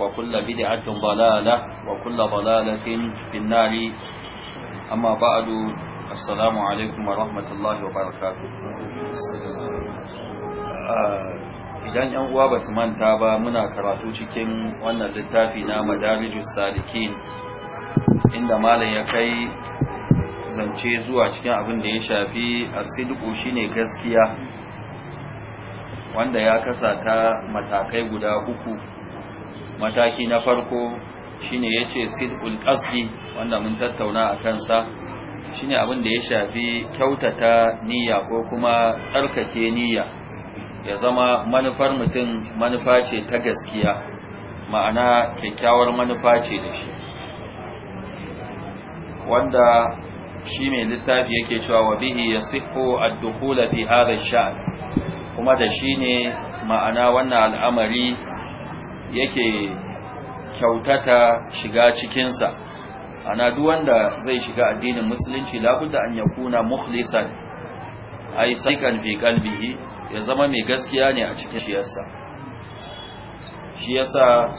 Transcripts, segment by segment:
وكل بدعة ضلالة وكل ضلالة في النار أما بعد السلام عليكم ورحمة الله وبركاته idan yan uwa basu manta ba muna karatu cikin wannan littafi na madarijus salikin inda malam ya kai zance zuwa cikin abin da ya shafi asidiku shine gaskiya wanda ya kasa ta matakai guda uku mataki na farko shine yace sidul qasdi wanda mun tattauna a kansa shine abin da ya shafi kyautata niyya ko kuma tsarkake niyya ya zama manufar mutum manufa ce ta gaskiya ma'ana kyakkyawar manufa ce da shi wanda shi mai littafi yake cewa wa bihi ya ad-dukhul fi hadha ash kuma da shi ne ma'ana wannan al'amari yake kyautata shiga cikinsa ana duk wanda zai shiga addinin musulunci labudda an yakuna mukhlisan ai saikan fi kalbihi. ya zama mai gaskiya ne a cikin shiyarsa shi yasa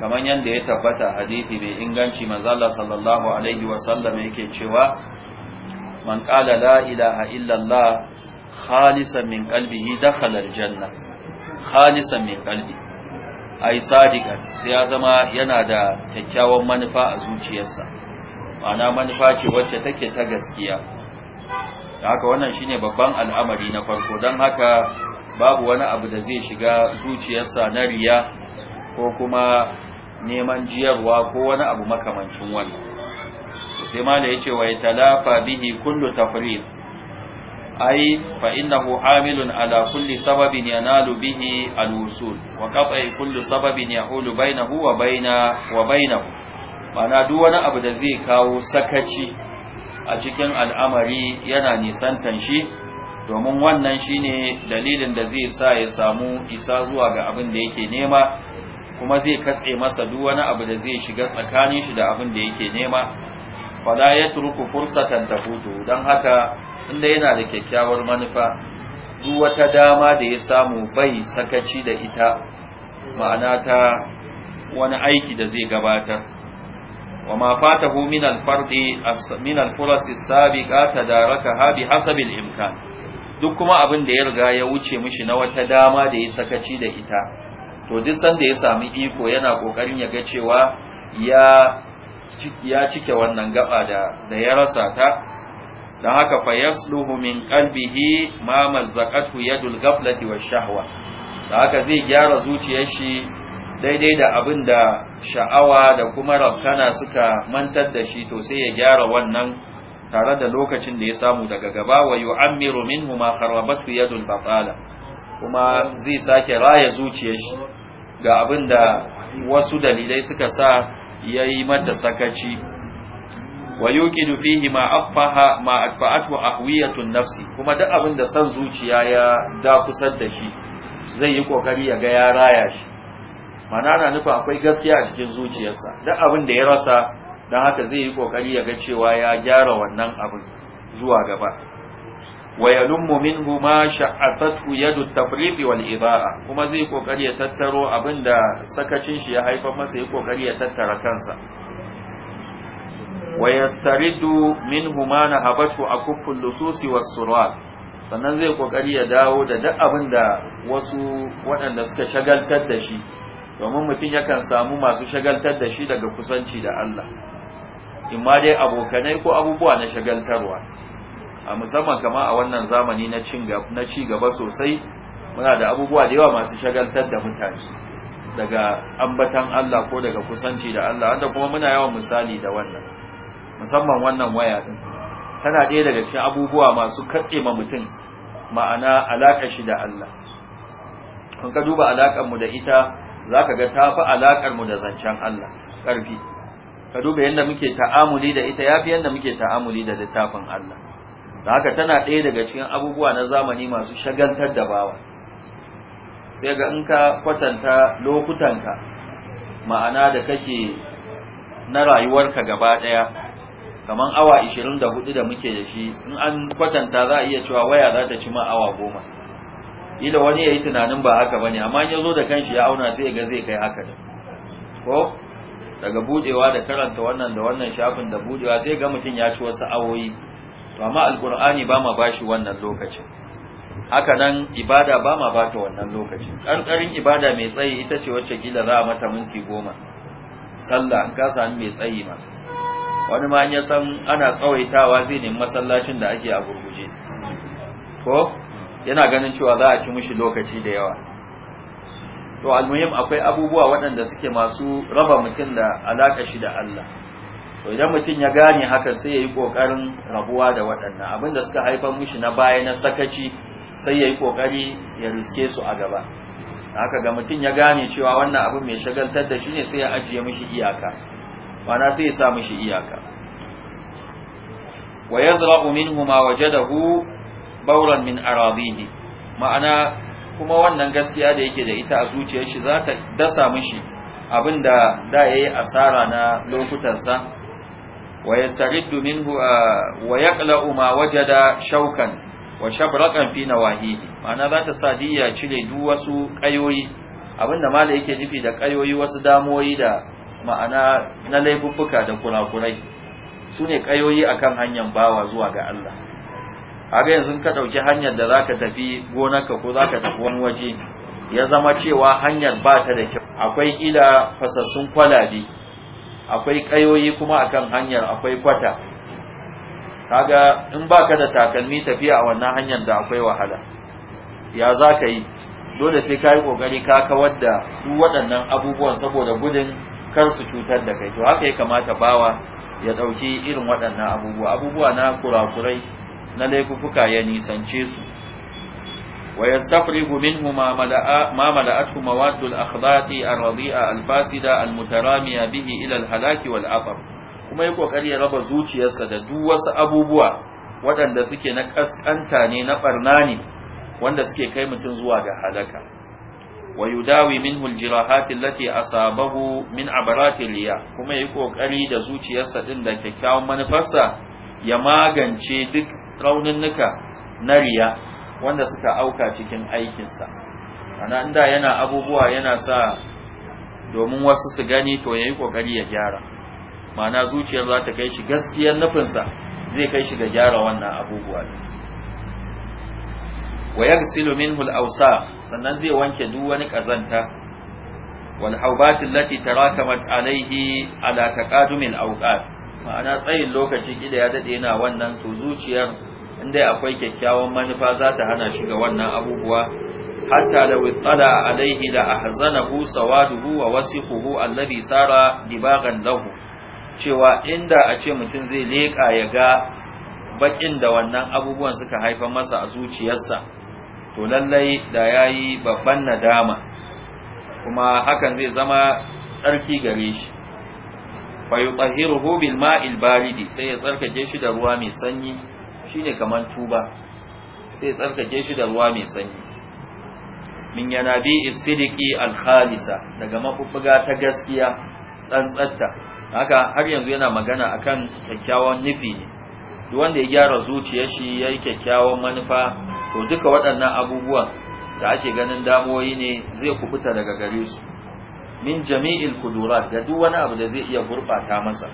kamar yadda ya tabbata hadithi mai inganci Allah sallallahu alaihi wasallam yake cewa man qala la ilaha illa Allah khalisan min qalbihi dakhala aljanna khalisan min qalbihi ai sadiqan sai ya zama yana da kyakkyawan manufa a zuciyarsa ma'ana manufa ce wacce take ta gaskiya Da haka wannan shine babban al'amari na farko don haka babu wani abu da zai shiga zuciyarsa na riya ko kuma neman jiyarwa ko wani abu makamancin wani. sai ma da yace wa talafa bihi kullu tafrid ai fa innahu hamilun ala kulli sababin yanalu bihi al wa sababin yahulu bainahu wa baina wa bainahu mana duk wani abu da zai kawo sakaci a cikin al'amari yana nisantan shi domin wannan shine dalilin da zai sa ya samu isa zuwa ga abin da yake nema kuma zai katse masa duk wani abu da zai shiga tsakanin shi da abin da yake nema fala yatruku fursatan tafutu dan haka inda yana da kyakkyawar manufa duk wata dama da ya samu bai sakaci da ita ma'ana ta wani aiki da zai gabatar wa ma fatahu min al-fardi min al-furas as-sabiqa bi hasabi al-imkan duk kuma abin da ya riga ya wuce mishi na wata dama da ya sakaci da ita to duk sanda ya samu iko yana kokarin ya ga cewa ya ya cike wannan gaba da da ya rasa ta da haka fa yasluhu min qalbihi ma mazzaqatu yadul ghaflati wash shahwa da haka zai gyara zuciyar shi daidai da abin da sha'awa da kuma rabkana suka mantar da shi to sai ya gyara wannan tare da lokacin da ya samu daga gaba wa yu'ammiru minhu ma kharabatu yadul batala kuma zai sake raya zuciyar shi ga abin da wasu dalilai suka sa yayi mata sakaci wa yuqinu fihi ma asfaha ma asfa'atu ahwiyatu nafsi kuma duk abin da san zuciya ya da kusar da shi zai yi kokari ya ga ya raya shi mana na nufin akwai gaskiya a cikin zuciyarsa duk abin da ya rasa dan haka zai yi kokari ya ga cewa ya gyara wannan abin zuwa gaba wa yalummu minhu ma sha'atatu yadu at wal kuma zai kokari ya tattaro abin da sakacin shi ya haifar masa ya kokari ya tattara kansa ويسترد منه ما ma nahabatu اللصوص lususi sannan zai kokari ya dawo da duk abin da wasu waɗanda suka shagaltar da shi domin mutum yakan samu masu shagaltar da shi daga kusanci da Allah ma dai abokanai ko abubuwa na shagaltarwa a musamman kama a wannan zamani na ci gaba sosai muna da abubuwa da yawa masu shagaltar da mutane daga ambatan Allah ko daga kusanci da Allah wanda kuma muna yawan misali da wannan musamman wannan waya din tana ɗaya daga cikin abubuwa masu katse ma mutum ma'ana alaƙar shi da Allah kun ka duba alaƙar mu da ita zaka ga tafi alaƙar mu da zancen Allah ƙarfi ka duba yadda muke ta'amuli da ita yafi yadda muke ta'amuli da littafin Allah da haka tana ɗaya daga cikin abubuwa na zamani masu shagantar da bawa sai ga in ka kwatanta lokutan ka ma'ana da kake na rayuwarka gaba ɗaya kaman awa 24 da muke da shi in an kwatanta za a iya cewa waya za ta ci ma awa goma ila wani ya yi tunanin ba haka bane amma in ya zo da kanshi ya auna sai ga zai kai haka da ko daga budewa da karanta wannan da wannan shafin da budewa sai ga mutum ya ci wasu awoyi to amma alqur'ani ba ma bashi wannan lokacin haka nan ibada ba ma bata wannan lokacin ƙarƙarin ibada mai tsayi ita ce wacce kila za a mata minti goma sallah in ka sami mai tsayi ma wani ma ya san ana tsawaitawa zai nemi masallacin da ake a gurguje ko yana ganin cewa za a ci mishi lokaci da yawa to almuhim akwai abubuwa waɗanda suke masu raba mutum da alaƙa shi da Allah to idan mutum ya gane haka sai ya yi ƙoƙarin rabuwa da waɗannan abin da suka haifar mishi na baya na sakaci sai ya yi ƙoƙari ya riske su a gaba haka ga mutum ya gane cewa wannan abin mai shagaltar da shi ne sai ya ajiye mishi iyaka Ma'ana sai ya sa mishi iyaka wa yazra'u minhu ma wajadahu bawran min aradihi ma'ana kuma wannan gaskiya da yake da ita a zuciyar shi za dasa mishi abinda da yayi asara na sa wa yastariddu minhu wa yaqla'u ma wajada shaukan wa shabraqan fi nawahihi ma'ana za ta sa diya cire duk wasu kayoyi abinda mala yake nufi da kayoyi wasu damoyi da ma'ana na laifuffuka da kurakurai su ne ƙayoyi akan hanyar bawa zuwa ga Allah haka yanzu ka ɗauki hanyar da za ka tafi gonarka ko za ka tafi wani waje ya zama cewa hanyar ba ta da kyau akwai ƙila fasassun kwalabe akwai ƙayoyi kuma akan hanyar akwai kwata kaga in ba ka da takalmi tafiya a wannan hanyar da akwai wahala ya za ka yi dole sai ka yi ƙoƙari ka kawar da duk waɗannan abubuwan saboda gudun kar su cutar da kai to haka ya kamata bawa ya ɗauki irin waɗannan abubuwa abubuwa na kurakurai na laifuka ya nisance su wa yastafrigu minhu ma mala'atu mawaddul akhdati ar-radi'a al-fasida al-mutaramiya bihi ila al-halaki wal afar kuma yi kokari ya raba zuciyarsa da duk wasu abubuwa waɗanda suke na kaskanta ne na barna ne wanda suke kai mutum zuwa ga halaka ويداوي منه a التي أصابه من عبرات الرياء كما يكو قري da zuciyarsa ɗin da kyakkyawan manufarsa ya magance duk raunin nuka na riya wanda suka auka cikin aikinsa ana inda yana abubuwa yana sa domin wasu su gani to yayi ƙoƙari ya gyara ma'ana zuciyar za ta kai shi gaskiyar nufinsa zai kai shi ga gyara wannan abubuwa wa silumin minhu al sannan zai wanke duk wani kazanta wal haubat allati tarakamat alayhi ala taqadum al-awqat ma'ana tsayin lokaci kida ya daɗe yana wannan to zuciyar inda akwai kyakkyawan manufa za ta hana shi ga wannan abubuwa hatta law ittala alayhi la ahzanahu sawaduhu wa wasifuhu alladhi sara dibagan lahu cewa inda a ce mutum zai leƙa ya ga bakin da wannan abubuwan suka haifar masa a zuciyarsa to lallai da yayi babban nadama kuma hakan zai zama tsarki gare shi fa yutahhiruhu bil ma'il baridi sai ya tsarkake shi da ruwa mai sanyi shine kaman tuba sai ya tsarkake shi da ruwa mai sanyi min yanabi sidiki al khalisa daga mabubbuga ta gaskiya tsantsatta haka har yanzu yana magana akan kyakkyawan nufi ne duk wanda ya gyara zuciyar shi ya yi kyakkyawan manufa to duka waɗannan abubuwan da ake ganin damoyi ne zai kubuta daga gare su min jami'il kudurat da duk wani abu da zai iya gurɓata masa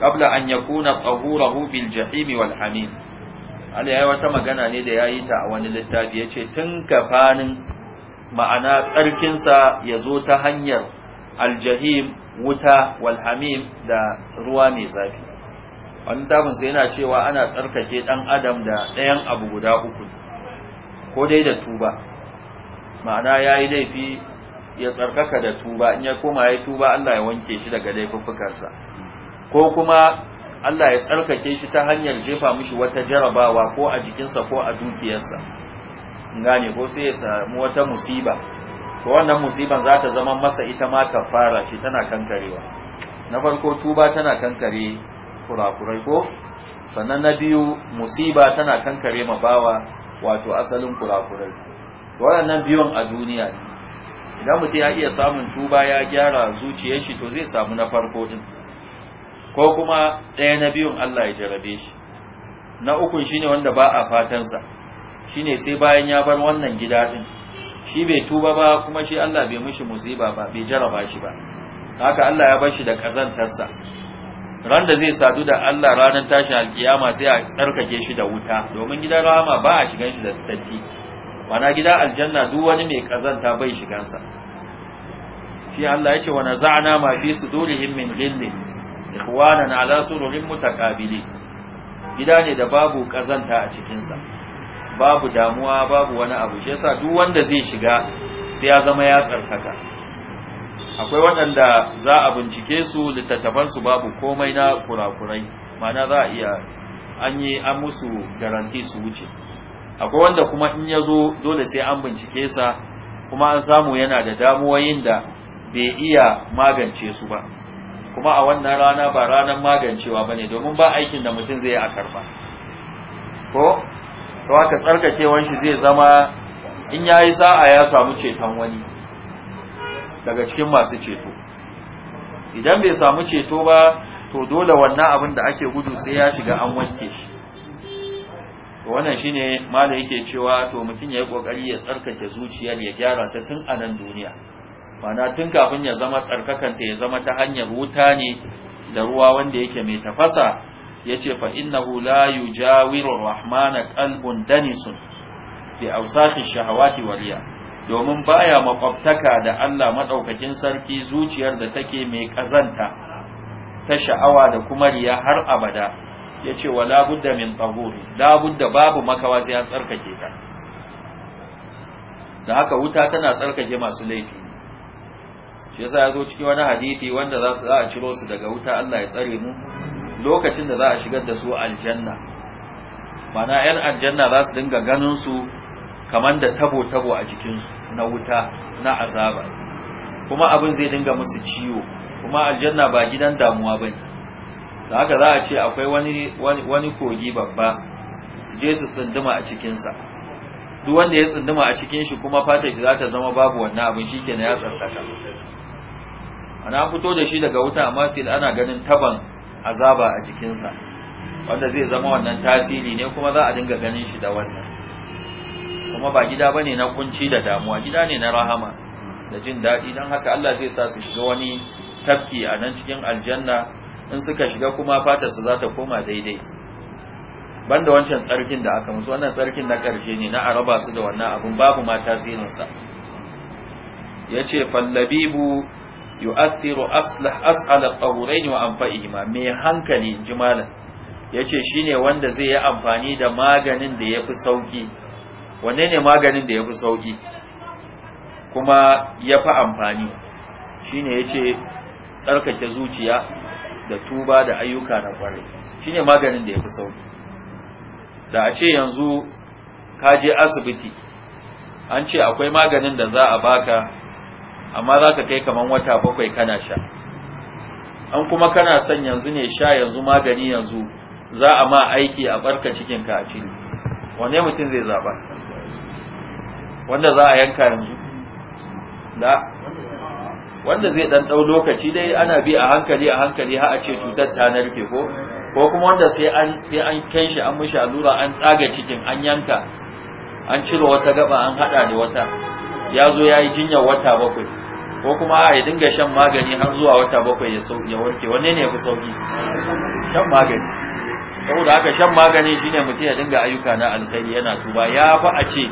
qabla an yakuna tahurahu bil jahim wal hamim Allah wata magana ne da yayi ta a wani littafi yace tun kafanin ma'ana tsarkinsa ya zo ta hanyar al wuta wal hamim da ruwa mai zafi wani tafin sai yana cewa ana tsarkake ɗan adam da ɗayan abu guda uku ko dai da tuba ma'ana ya yi laifi ya tsarkaka da tuba in ya koma ya yi tuba Allah ya wanke shi daga laifuffukarsa, ko kuma Allah ya tsarkake shi ta hanyar jefa mishi wata jarabawa ko a jikinsa ko a dukiyarsa gane ko sai ya samu wata musiba to wannan musiban za ta zama masa ita ma kafara ce tana kankarewa na farko tuba tana kankare kurakurai ko sannan na biyu musiba tana kankare ma bawa wato asalin kurakurai waɗannan biyun a duniya ne idan mutum ya iya samun tuba ya gyara zuciyar shi to zai samu na farko din ko kuma ɗaya na biyun Allah ya jarabe shi na uku shine wanda ba a fatansa shine sai bayan ya bar wannan gida din shi bai tuba ba kuma shi Allah bai mishi musiba ba bai jaraba shi ba haka Allah ya bar shi da ƙazantarsa. ran da zai sadu da Allah ranar tashin alkiyama sai a tsarkake shi da wuta domin gidan rama ba a shigan shi da datti mana gida aljanna duk wani mai kazanta bai shigansa shi Allah yace wa naza'na ma fi sudurihim min ghillin ikhwanan ala sururin mutaqabili gida ne da babu kazanta a cikinsa babu damuwa babu wani abu shi yasa duk wanda zai shiga sai ya zama ya tsarkaka akwai waɗanda za a bincike su littattafan su babu komai na kurakurai mana za a iya an yi an musu garanti su wuce akwai wanda kuma in ya zo dole sai an bincike sa kuma an samu yana da damuwayin da bai iya magance su ba kuma a wannan rana ba ranar magancewa ba ne domin ba aikin da mutum zai yi a karba ko sau aka tsarkakewan shi zai zama in ya yi sa'a ya samu ceton wani daga cikin masu ceto idan bai samu ceto ba to dole wannan abin da ake gudu sai ya shiga an wanke shi To wannan shine malam yake cewa to mutum yayi kokari ya tsarkake zuciyar ya gyara ta tun a nan duniya mana tun kafin ya zama tsarkakanta ya zama ta hanyar wuta ne da ruwa wanda yake mai tafasa yace fa innahu la yujawiru rahmana qalbun danisun bi awsakhi shahawati wariya. domin baya makwabtaka da Allah maɗaukakin sarki zuciyar da take mai kazanta ta sha'awa da kuma riya har abada yace wala budda min tahur la budda babu makawa sai an tsarkake ka da haka wuta tana tsarkake masu laifi shi yasa yazo cikin wani hadisi wanda za su za a ciro su daga wuta Allah ya tsare mu lokacin da za a shigar da su aljanna mana yan aljanna za su dinga ganin su kamar da tabo-tabo a jikinsu na wuta na azaba kuma abin zai dinga musu ciwo kuma aljanna ba gidan damuwa ba ne da haka za a ce akwai wani kogi babba su je su tsunduma a cikinsa duk wanda ya tsunduma a cikin shi kuma fatar shi za ta zama babu wannan abin shi ke na ya tsarkaka ana fito da shi daga wuta amma sai ana ganin taban azaba a jikinsa wanda zai zama wannan tasiri ne kuma za a dinga ganin shi da wannan kuma ba gida bane na kunci da damuwa gida ne na rahama da jin daɗi don haka Allah zai sa su shiga wani tafki a nan cikin aljanna in suka shiga kuma fatarsa za ta koma daidai banda wancan tsarkin da aka musu wannan tsarkin na ƙarshe ne na araba su da wannan abun babu ma tasirinsa ya ce fallabibu yu'athiru aslah as'ala tahurain wa anfa'ihima mai hankali jimalan yace shine wanda zai yi amfani da maganin da yafi sauki wanne ne maganin da ya fi sauki kuma ya fi amfani shine ya ce tsarkake zuciya da tuba da ayyuka na kwarai shine maganin da ya fi sauki da a ce yanzu ka asibiti an ce akwai maganin da za a baka amma za ka kai kamar wata bakwai kana sha an kuma kana son yanzu ne sha yanzu magani yanzu za a ma aiki a barka cikinka a cire wane mutum zai zaɓa wanda za a yanka yanzu da wanda zai dan dau lokaci dai ana bi a hankali a hankali har a ce cutar ta narke ko ko kuma wanda sai an sai an kai shi an mishi allura an tsaga cikin an yanka an cire wata gaba an hada da wata ya zo ya yi jinyar wata bakwai ko kuma a ya dinga shan magani har zuwa wata bakwai ya warke wanne ne ya fi sauki shan magani saboda haka shan magani shine mutum ya dinga ayyuka na alkhairi yana tuba ya fa a ce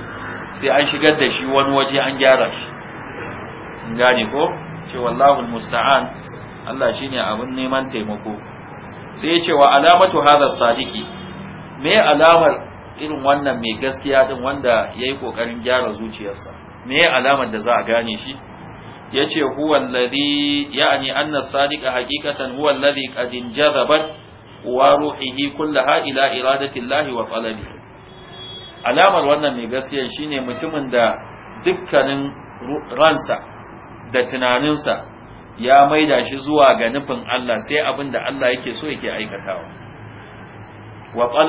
sai an shigar da shi wani waje an gyara shi gane ko ce wallahu musta'an Allah shine abin neman taimako sai ya ce wa alamatu hadha sadiki me alamar irin wannan mai gaskiya din wanda yayi kokarin gyara zuciyarsa me alamar da za a gane shi yace huwa alladhi ya'ni anna sadiqa haqiqatan huwa alladhi qad injazabat wa ruhihi kullaha ila iradati Allah wa talabi alamar wannan mai gaskiya shine mutumin da dukkanin ransa da tunaninsa ya maida shi zuwa ga nufin Allah sai abin da Allah yake so yake aikatawa wa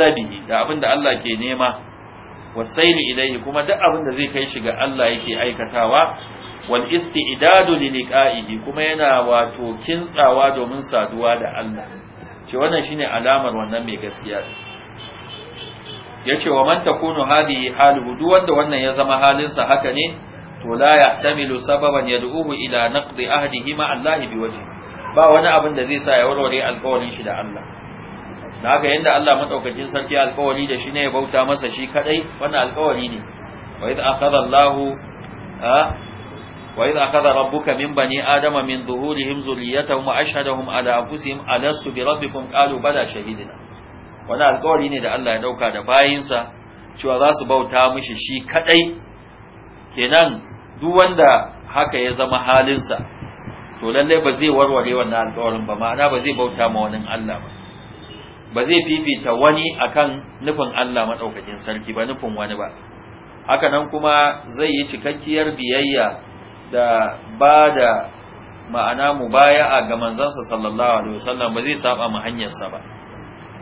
da abin da Allah ke nema wa saini ilaihi kuma duk abin da zai kai shi ga Allah yake aikatawa wal isti'dadu li liqa'ihi kuma yana wato kintsawa domin saduwa da Allah ce wannan shine alamar wannan mai gaskiya Ya ce, wa man takunu hadhihi haluhu duk wanda wannan ya zama halinsa haka ne to la yahtamilu sababan yad'uhu ila naqdi ahdihi ma Allah biwajhi ba wani abin da zai sa ya warware alƙawarin shi da Allah da haka yanda Allah madaukakin sarki alƙawari da shi ne ya bauta masa shi kadai wannan alƙawari ne wa idh akhadha Allahu wa idh akhadha rabbuka min bani adama min zuhurihim zurriyyatahum wa ashhadahum ala anfusihim alastu bi rabbikum qalu bala shahidina wani alkawari ne da Allah ya dauka da bayinsa cewa za su bauta mishi shi kadai kenan duk wanda haka ya zama halinsa to lallai ba zai warware wannan alkawarin ba ma'ana ba zai bauta ma wani Allah ba ba zai fifita wani akan nufin Allah madaukakin sarki ba nufin wani ba haka nan kuma zai yi cikakkiyar biyayya da ba da ma'ana mubaya'a ga manzansa sallallahu alaihi wasallam ba zai saba mu hanyarsa ba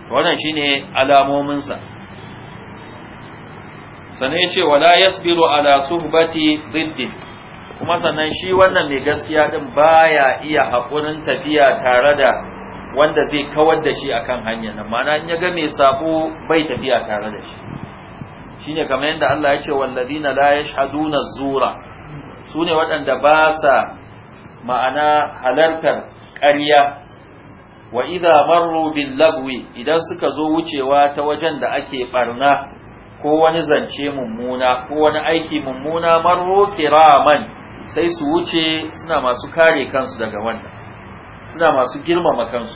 wannan shine alamominsa sa ya ce wala yasbiru ala suhbati ziddi kuma sannan shi wannan mai gaskiya din baya iya haƙurin tafiya tare da wanda zai kawar da shi akan hanya nan ma'ana in ya ga mai sabo bai tafiya tare da shi shine kamar yadda Allah ya ce walladina la yashhaduna zura sune waɗanda ba sa ma'ana halartar ƙarya wa idza marru bil lagwi idan suka zo wucewa ta wajen da ake barna ko wani zance mummuna ko wani aiki mummuna marru kiraman sai su wuce suna masu kare kansu daga wannan suna masu girmama kansu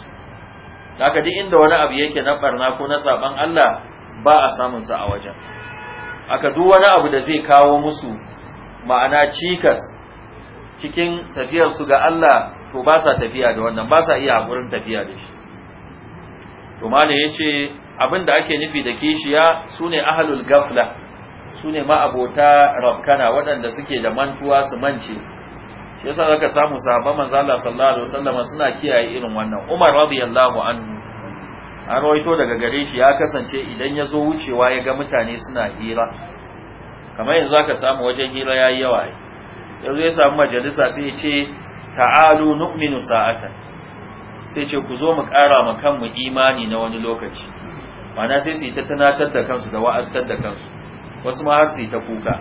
haka duk inda wani abu yake na barna ko na saban Allah ba a samun sa a wajen aka duk wani abu da zai kawo musu ma'ana cikas cikin tafiyar su ga Allah to ba sa tafiya da wannan ba sa iya gurin tafiya da shi to malam yace abin da ake nufi da kishiya sune ahlul gafla sune ma abota rabkana waɗanda suke da mantuwa su mance shi yasa zaka samu sahabban manzo Allah sallallahu alaihi wasallam suna kiyaye irin wannan Umar radiyallahu anhu an rawaito daga gare shi ya kasance idan ya zo wucewa ya ga mutane suna hira kamar yanzu aka samu wajen hira yayi yawa yanzu ya samu majalisa sai ya ce ta'alu nu'minu sa'atan sai ce ku zo mu ƙara ma kanmu imani na wani lokaci mana sai su yi ta tunatar da kansu da wa'aztar da kansu wasu ma har su yi ta kuka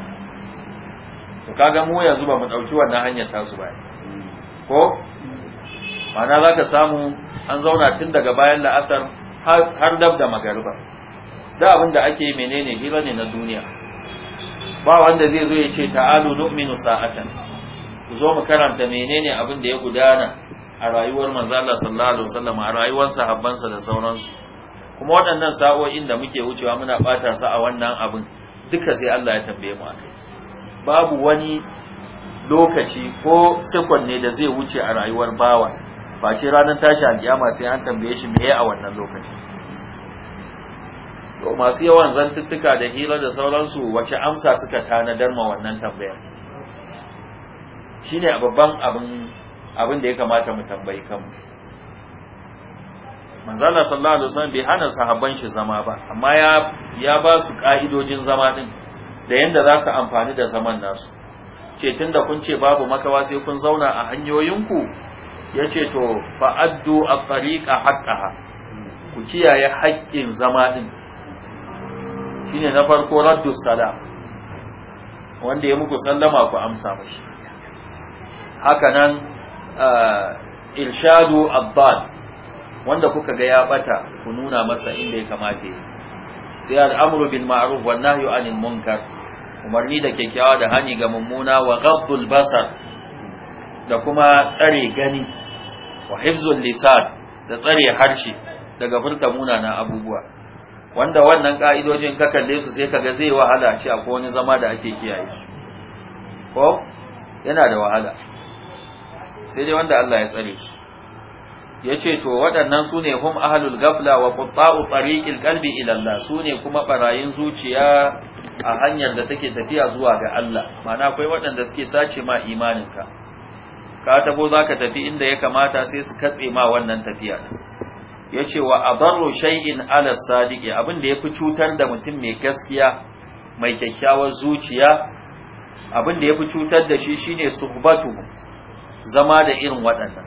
to kaga mu yanzu ba mu ɗauki wannan hanyar tasu ba ko mana za ka samu an zauna tun daga bayan la'asar har dab da magariba da abin da ake menene hira ne na duniya ba wanda zai zo ya ce ta'alu nu'minu sa'atan ku zo mu karanta menene abin da ya gudana a rayuwar manzo Allah sallallahu alaihi wasallam a rayuwar sahabbansa da sauransu kuma waɗannan sa'o'in da muke wucewa muna bata su a wannan abin duka sai Allah ya tambaye mu akai babu wani lokaci ko sekon ne da zai wuce a rayuwar bawa face ranar tashi alkiyama sai an tambaye shi meye a wannan lokaci to masu yawan zantuttuka da hira da sauransu wace amsa suka tanadar ma wannan tambayar shine babban abin da ya kamata mu tambayi kanmu manzala sallallahu alaihi wasallam bai hana sahabban shi zama ba amma ya ya ba su ka'idojin zama din da yanda za su amfani da zaman nasu ce tunda kun ce babu makawa sai kun zauna a hanyoyinku ya ce to fa'addu a tsariƙa haƙƙaha ku kiyaye haƙƙin zama ɗin shine na farko raddu sala wanda ya muku sallama ku amsa shi. haka nan uh, irshadu abbad wanda kuka ga ya bata ku nuna masa inda ya kamata yi sai al'amru bil ma'ruf wan nahyu anil munkar umarni da kyakkyawa da hani ga mummuna wa ghaddul basar da kuma tsare gani wa hifzul lisan da tsare harshe daga furta munana abubuwa wanda wannan ka'idojin ka kalle su sai kaga zai wahala shi akwai wani zama da ake kiyaye ko yana da wahala sai dai wanda Allah ya tsare shi ya ce to waɗannan su ne hum ahalul gafla wa qutta'u tariqil qalbi ila su ne kuma ɓarayin zuciya a hanyar da take tafiya zuwa ga Allah mana akwai waɗanda suke sace ma imaninka ka tabo zaka tafi inda ya kamata sai su katse ma wannan tafiya ya ce wa abarro shay'in ala sadiqi abin da yafi cutar da mutum mai gaskiya mai kyakkyawar zuciya abin da yafi cutar da shi shine suhbatu zama da irin waɗannan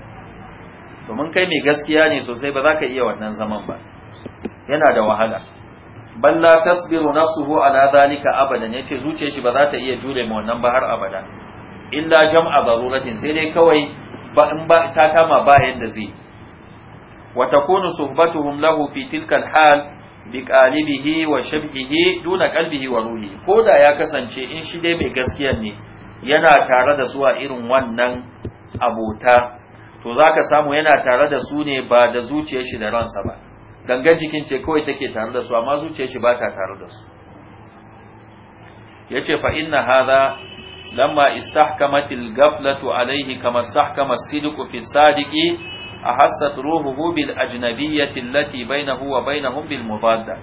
domin kai mai gaskiya ne sosai ba za ka iya wannan zaman ba yana da wahala balla tasbiru nafsuhu ala zalika abadan yace zuciyar shi ba za ta iya jure ma wannan ba har abada illa jam'a daruratin sai dai kawai ba in ba ta kama ba yanda zai wa takunu suhbatuhum lahu fi tilka hal bi qalibihi wa shabhihi duna qalbihi wa ruhi Ko da ya kasance in shi dai mai gaskiya ne yana tare da zuwa irin wannan abota to zaka samu yana tare da su ne ba da zuciyar shi da ransa ba gangan jikin ce kawai take tare da su amma zuciyar shi ba ta tare da su yace fa inna hadha lamma istahkamatil ghaflatu alayhi kama istahkama as-sidqu fi sadiqi ahassat ruhuhu bil ajnabiyyati allati bainahu wa bainahum bil mubadda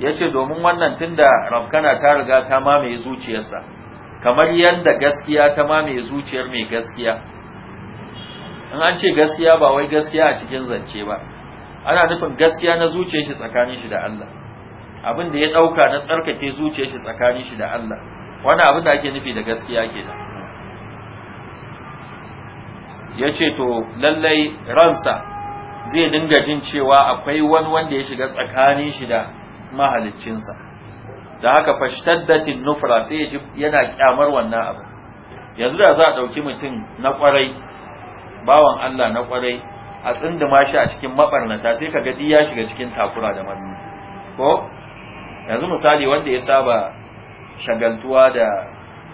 yace domin wannan tunda Rabkana ta riga ta mamaye zuciyarsa kamar yadda gaskiya ta mamaye zuciyar mai gaskiya in an ce gaskiya ba wai gaskiya a cikin zance ba ana nufin gaskiya na zuciyar shi tsakanin shi da Allah abin da ya dauka na tsarkake zuciyar shi tsakanin shi da Allah wani abin da ake nufi da gaskiya kenan yace to lallai ransa zai dinga jin cewa akwai wani wanda ya shiga tsakanin shi da mahaliccinsa da haka fashtaddatin nufra sai ya yana kyamar wannan abu yanzu da za a dauki mutum na kwarai bawan Allah na kwarai a tsinduma shi a cikin mabarnata sai ka ga ya shiga cikin takura da mazi ko yanzu misali wanda ya saba shagaltuwa da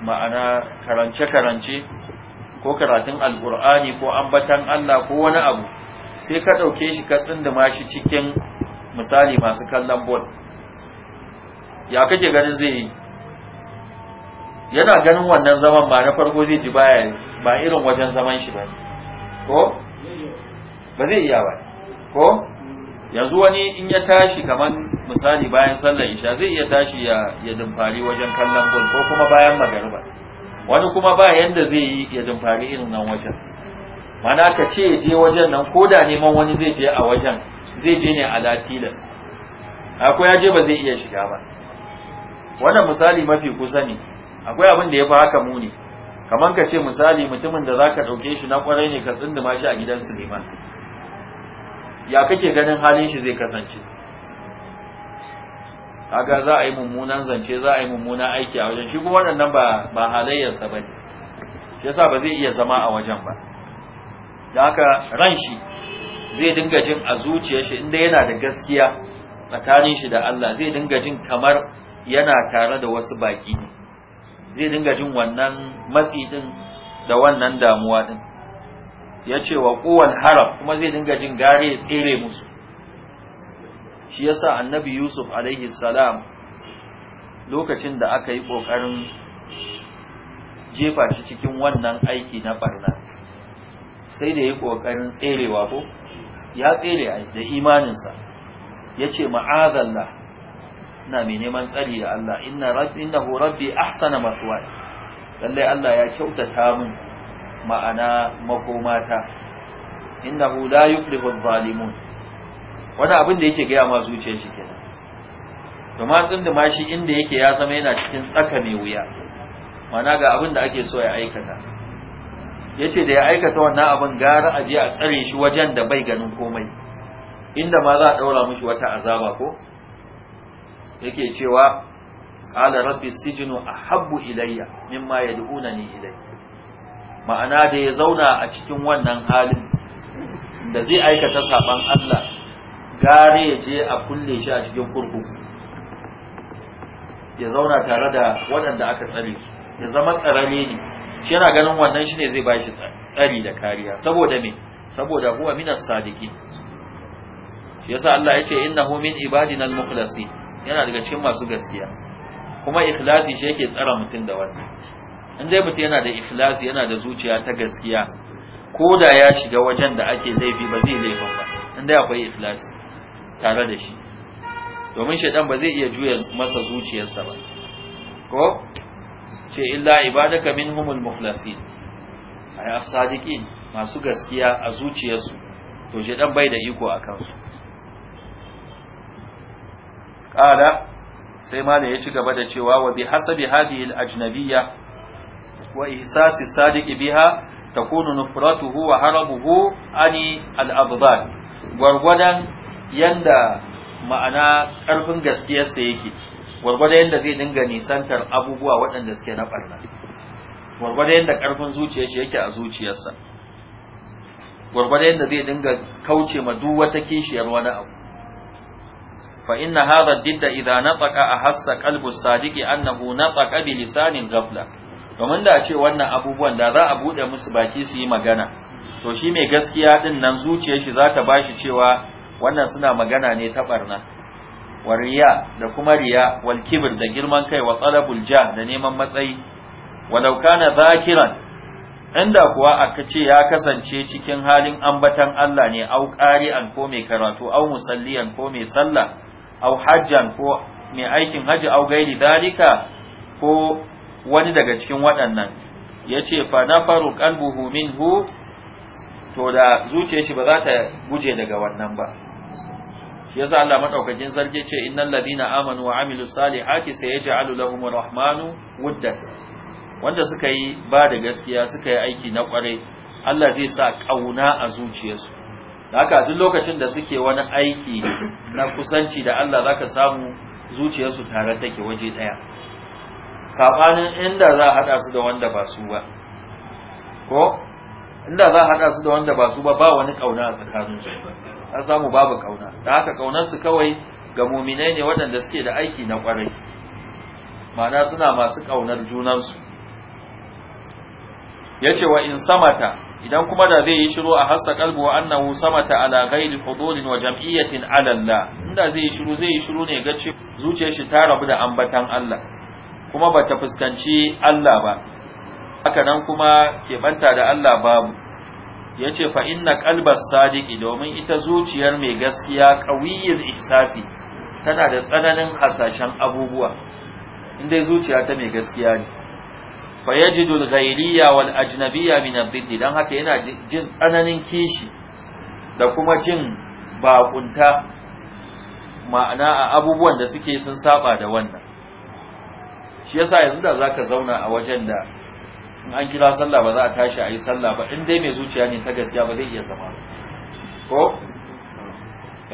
ma'ana karance-karance ko karatun alkur'ani ko ambatan Allah ko wani abu sai ka ɗauke shi ka tsinduma shi cikin misali masu kallon bol ya kake ganin zai yi yana ganin wannan zaman ba na farko zai ji baya ba irin wajen zaman shi ba ne ko ba zai iya ba ko yanzu wani in ya tashi kamar misali bayan sallar isha zai iya tashi ya ya dumfari wajen kallon bol ko kuma bayan magariba wani kuma ba yanda zai yi ya dumfari irin nan wajen mana ka ce je wajen nan ko da neman wani zai je a wajen zai je ne a latilas akwai ya je ba zai iya shiga ba wannan misali mafi kusa ne akwai abin da ya fi haka muni kamar ka ce misali mutumin da zaka ɗauke shi na kwarai ne ka tsinduma shi a gidan Suleiman ya kake ganin halin shi zai kasance kaga za a yi mummunan zance za a yi mummunan aiki a wajen shi kuma waɗannan ba ba halayyarsa bane shi yasa ba zai iya zama a wajen ba da haka ran shi zai dinga jin a zuciyar shi inda yana da gaskiya tsakanin shi da Allah zai dinga jin kamar yana tare da wasu baki zai dinga jin wannan matsi din da wannan damuwa din ya ce wa kowan haram kuma zai dinga jin gare ya tsere musu shi yasa annabi yusuf alaihi salam lokacin da aka yi ƙoƙarin jefa shi cikin wannan aiki na barna sai da ya ƙoƙarin tserewa ko ya tsere da imaninsa ya ce ma'azallah ina mai neman tsari da Allah inna rabbi innahu rabbi ahsana maswaya lalle Allah ya kyautata min ma'ana makomata hu la yuflihu adh-dhalimun wani abin da yake gaya ma zuciyar shi kenan ma tsin da mashi inda yake ya zama yana cikin tsaka mai wuya mana ga abin da ake so ya aikata yace da ya aikata wannan abin gara aje a tsare shi wajen da bai ganin komai inda ma za a daura mishi wata azaba ko yake cewa qala rabbi sijnu ahabbu ilayya mimma yad'unani ilayhi ma'ana da ya zauna a cikin wannan halin da zai aikata saban Allah gare ya je a kulle shi a cikin kurkuku ya zauna tare da waɗanda aka tsare su ya zama tsarane ne shi yana ganin wannan shi ne zai ba shi tsari da kariya saboda me saboda huwa minas sadiqin yasa Allah ya ce innahu min ibadina al-mukhlasin yana daga cikin masu gaskiya kuma ikhlasi shi yake tsara mutum da wannan in dai mutum yana da ikhlasi yana da zuciya ta gaskiya ko da ya shiga wajen da ake laifi ba zai laifin ba in dai akwai ikhlasi tare da shi domin shaidan ba zai iya juya masa zuciyarsa ba ko ce illa ibadaka minhumul mukhlasin ay as-sadiqin masu gaskiya a zuciyarsu to shaidan bai da iko a kansu qala sai malam ya ci gaba da cewa wa bi hasabi hadhihi al-ajnabiyya wa ihsasi sadiqi biha takunu nufratuhu wa harabuhu ani al-abdan gwargwadon yanda ma'ana karfin gaskiyarsa yake gwargwadon yanda zai dinga nisantar abubuwa waɗanda suke na barna gwargwadon yanda karfin zuciyar shi yake a zuciyarsa gwargwadon yanda zai dinga kauce ma duk wata kishiyar wani abu fa inna hadha didda idza nataqa ahassa qalbu sadiqi annahu nataqa bi lisanin ghafla domin da a ce wannan abubuwan da za a buɗe musu baki su yi magana to shi mai gaskiya din nan zuciyar shi za ta bashi cewa wannan suna magana ne ta ɓarna. wa riya da kuma riya wal kibr da girman kai wa talabul jah da neman matsayi walau kana zakiran inda kuwa aka ce ya kasance cikin halin ambatan Allah ne au qari'an ko mai karatu au musalliyan ko mai sallah Auhajan hajjan ko mai aikin haji aw gairi dalika ko wani daga cikin waɗannan ya ce fa na faru kalbuhu minhu to da zuciyar shi ba za ta guje daga wannan ba shi yasa Allah madaukakin sarki ce innal ladina amanu wa amilu salihati sayaj'alu lahum rahmanu wudda wanda suka yi ba da gaskiya suka yi aiki na kware Allah zai sa kauna a zuciyarsu haka duk lokacin da suke wani aiki na kusanci da Allah zaka samu zuciyarsu tare take waje daya sabanin inda za a hada su da wanda ba su ba ko inda za a hada su da wanda ba su ba ba wani kauna a tsakaninsu an samu babu kauna da haka su kawai ga muminai ne waɗanda suke da aiki na kwarai ma'ana suna masu kaunar junansu ya ce wa in samata idan kuma da zai yi shiru a hassa kalbu wa annahu samata ala ghairi hudurin wa jam'iyyatin ala Allah inda zai yi shiru zai yi shiru ne ga zuciyar shi ta rabu da ambatan Allah kuma bata fuskanci Allah ba haka nan kuma ke banta da Allah babu yace fa inna qalbas sadiqi domin ita zuciyar mai gaskiya qawiyyul ihsasi tana da tsananin hasashen abubuwa indai zuciya ta mai gaskiya ne fa yajidu al-ghayriyya wal ajnabiyya min dan haka yana jin tsananin kishi da kuma jin bakunta ma'ana a abubuwan da suke sun saba da wannan shi yasa yanzu da zaka zauna a wajen da in an kira sallah ba za a tashi a yi sallah ba in dai mai zuciya ne ta gaskiya ba zai iya zama ko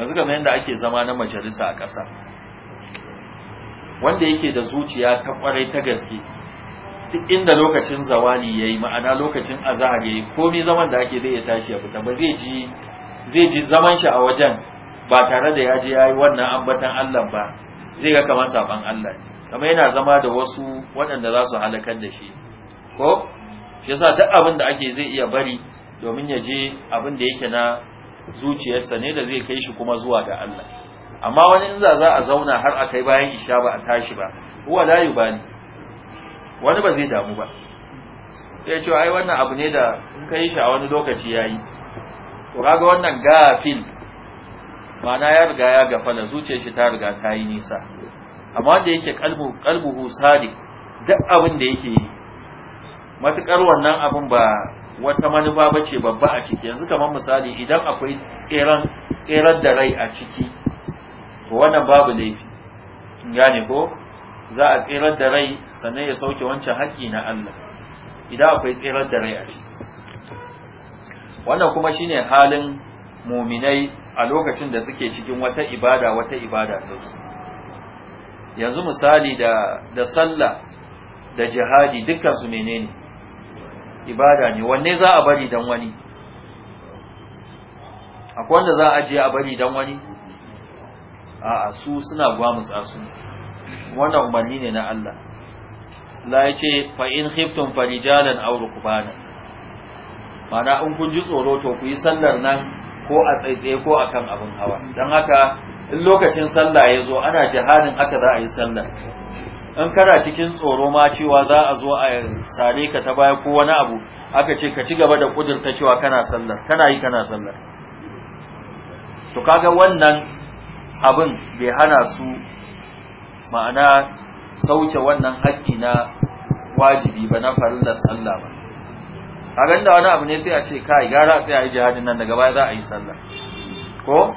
yanzu kamar yadda ake zama na majalisa a ƙasa wanda yake da zuciya ta kwarai ta gaske duk inda lokacin zawali yi, ma'ana lokacin azhar yayi komai zaman da ake zai ya tashi ya fita ba zai ji zaman shi a wajen ba tare da ya ji ya yi wannan ambatan Allah ba zai ga kamar saban Allah kamar yana zama da wasu waɗanda za su halakar da shi ko yasa duk abin da ake zai iya bari domin ya je abin da yake na zuciyarsa ne da zai kai shi kuma zuwa ga Allah amma wani in za a zauna har a kai bayan isha ba a tashi ba huwa la wani ba zai damu ba sai ce ai wannan abu ne da in kai shi a wani lokaci yayi to kaga wannan gafil na ya riga ya gafala zuciyar shi ta riga ta yi nisa amma wanda yake kalbu kalbuhu duk abin da yake yi matukar wannan abin ba wata manufa ce babba a ciki yanzu kamar misali idan akwai tseren tseran da rai a ciki to wannan babu laifi gane ko za a tserar da rai sannan ya sauke wancan haƙƙi na Allah idan akwai tserar da rai a ciki wannan kuma shine halin muminai a lokacin da suke cikin wata ibada wata ibada ta su yanzu misali da da sallah da jihadi dukkan su menene ibada ne wanne za a bari dan wani akwai wanda za a ajiye a bari dan wani a'a su suna a su wannan umarni ne na Allah la ya ce fa in khiftum rijalan aw rukbana mana in kun ji tsoro to ku yi sallar nan ko a tsaitsaye ko akan abin hawa dan haka in lokacin sallah ya zo ana jihadin aka za a yi sallar in kana cikin tsoro ma cewa za a zo a sare ka ta baya ko wani abu aka ce ka ci gaba da kudurta cewa kana sallar kana yi kana sallar to kaga wannan abin bai hana su ma'ana sauke wannan haƙƙi na wajibi ba na farillar sallah ba a da wani abu ne sai a ce kai gara sai a yi jihadin nan daga baya za a yi sallah ko